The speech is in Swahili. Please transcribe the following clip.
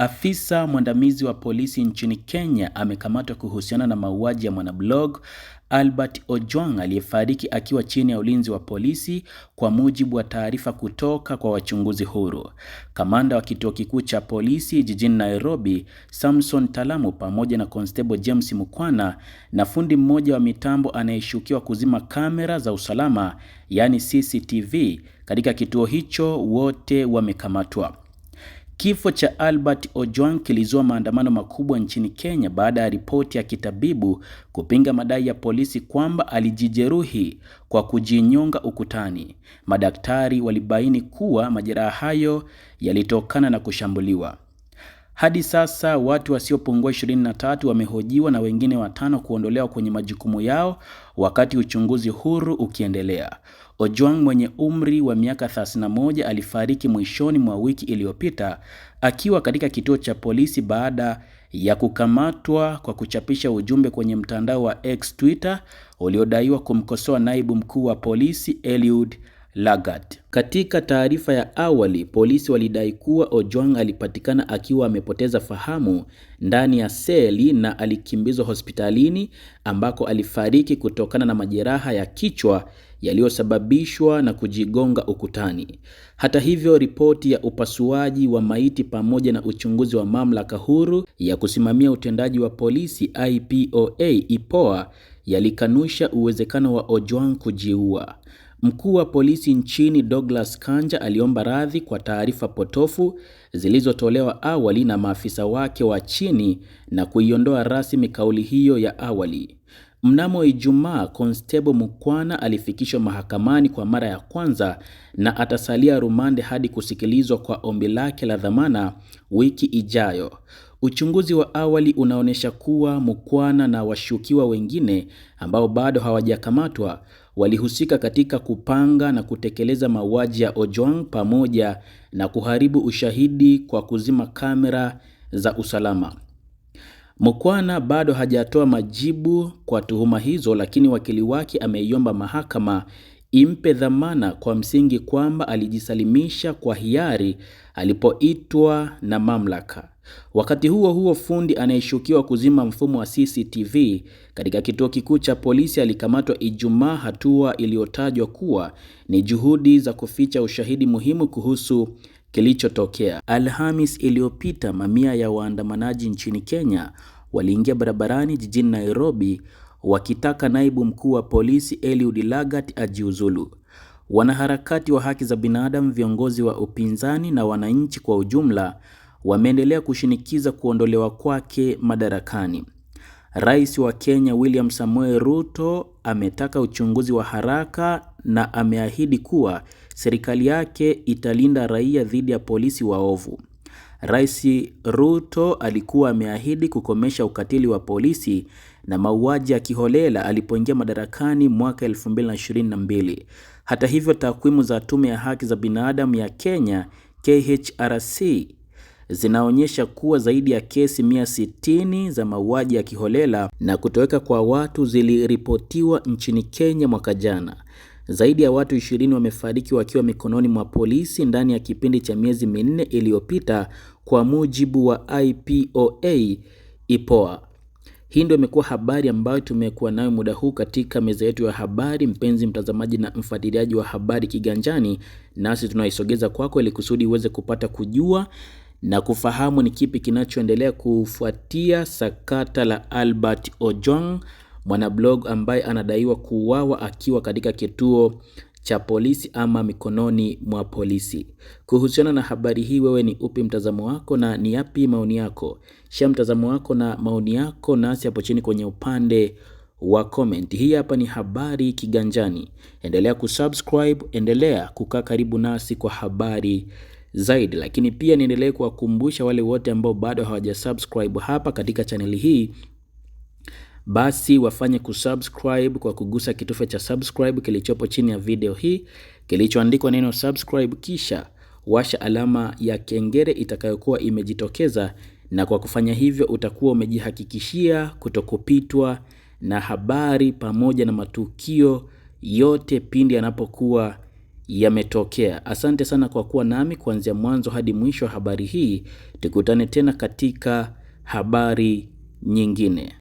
Afisa mwandamizi wa polisi nchini Kenya amekamatwa kuhusiana na mauaji ya mwanablog Albert Ojwang aliyefariki akiwa chini ya ulinzi wa polisi, kwa mujibu wa taarifa kutoka kwa wachunguzi huru. Kamanda wa kituo kikuu cha polisi jijini Nairobi, Samson Talamu, pamoja na Constable James Mukwana na fundi mmoja wa mitambo anayeshukiwa kuzima kamera za usalama, yaani CCTV, katika kituo hicho, wote wamekamatwa. Kifo cha Albert Ojwang kilizua maandamano makubwa nchini Kenya baada ya ripoti ya kitabibu kupinga madai ya polisi kwamba alijijeruhi kwa kujinyonga ukutani. Madaktari walibaini kuwa majeraha hayo yalitokana na kushambuliwa. Hadi sasa watu wasiopungua 23 wamehojiwa na wengine watano kuondolewa kwenye majukumu yao wakati uchunguzi huru ukiendelea. Ojwang mwenye umri wa miaka 31 alifariki mwishoni mwa wiki iliyopita akiwa katika kituo cha polisi baada ya kukamatwa kwa kuchapisha ujumbe kwenye mtandao wa X Twitter uliodaiwa kumkosoa naibu mkuu wa polisi Eliud Lagat. Katika taarifa ya awali, polisi walidai kuwa Ojwang alipatikana akiwa amepoteza fahamu ndani ya seli na alikimbizwa hospitalini ambako alifariki kutokana na majeraha ya kichwa yaliyosababishwa na kujigonga ukutani. Hata hivyo, ripoti ya upasuaji wa maiti pamoja na uchunguzi wa mamlaka huru ya kusimamia utendaji wa polisi IPOA IPOA yalikanusha uwezekano wa Ojwang kujiua. Mkuu wa polisi nchini Douglas Kanja aliomba radhi kwa taarifa potofu zilizotolewa awali na maafisa wake wa chini na kuiondoa rasmi kauli hiyo ya awali. Mnamo Ijumaa, Constable Mukwana alifikishwa mahakamani kwa mara ya kwanza na atasalia rumande hadi kusikilizwa kwa ombi lake la dhamana wiki ijayo. Uchunguzi wa awali unaonyesha kuwa Mukwana na washukiwa wengine ambao bado hawajakamatwa walihusika katika kupanga na kutekeleza mauaji ya Ojwang pamoja na kuharibu ushahidi kwa kuzima kamera za usalama. Mukwana bado hajatoa majibu kwa tuhuma hizo, lakini wakili wake ameiomba mahakama impe dhamana kwa msingi kwamba alijisalimisha kwa hiari alipoitwa na mamlaka. Wakati huo huo, fundi anayeshukiwa kuzima mfumo wa CCTV katika kituo kikuu cha polisi alikamatwa Ijumaa, hatua iliyotajwa kuwa ni juhudi za kuficha ushahidi muhimu kuhusu kilichotokea. Alhamis iliyopita, mamia ya waandamanaji nchini Kenya waliingia barabarani jijini Nairobi wakitaka naibu mkuu wa polisi Eliud Lagat ajiuzulu. Wanaharakati wa haki za binadamu, viongozi wa upinzani na wananchi kwa ujumla wameendelea kushinikiza kuondolewa kwake madarakani. Rais wa Kenya William Samoei Ruto ametaka uchunguzi wa haraka na ameahidi kuwa serikali yake italinda raia dhidi ya polisi waovu. Rais Ruto alikuwa ameahidi kukomesha ukatili wa polisi na mauaji ya kiholela alipoingia madarakani mwaka 2022. Hata hivyo, takwimu za Tume ya Haki za Binadamu ya Kenya KHRC zinaonyesha kuwa zaidi ya kesi 160 za mauaji ya kiholela na kutoweka kwa watu ziliripotiwa nchini Kenya mwaka jana. Zaidi ya watu 20 wamefariki wakiwa mikononi mwa polisi ndani ya kipindi cha miezi minne iliyopita, kwa mujibu wa IPOA IPOA. Hii ndio imekuwa habari ambayo tumekuwa nayo muda huu katika meza yetu ya habari, mpenzi mtazamaji na mfuatiliaji wa Habari Kiganjani, nasi tunaisogeza kwako ili kusudi uweze kupata kujua na kufahamu ni kipi kinachoendelea kufuatia sakata la Albert Ojwang, mwanablog ambaye anadaiwa kuuawa akiwa katika kituo cha polisi ama mikononi mwa polisi. Kuhusiana na habari hii, wewe ni upi mtazamo wako na ni yapi maoni yako? Shia mtazamo wako na maoni yako nasi hapo chini kwenye upande wa comment. Hii hapa ni habari Kiganjani. Endelea kusubscribe, endelea kukaa karibu nasi kwa habari zaidi, lakini pia niendelee kuwakumbusha wale wote ambao bado hawajasubscribe hapa katika chaneli hii basi wafanye kusubscribe kwa kugusa kitufe cha subscribe kilichopo chini ya video hii kilichoandikwa neno subscribe, kisha washa alama ya kengele itakayokuwa imejitokeza, na kwa kufanya hivyo utakuwa umejihakikishia kutokupitwa na habari pamoja na matukio yote pindi yanapokuwa yametokea. Asante sana kwa kuwa nami kuanzia mwanzo hadi mwisho wa habari hii. Tukutane tena katika habari nyingine.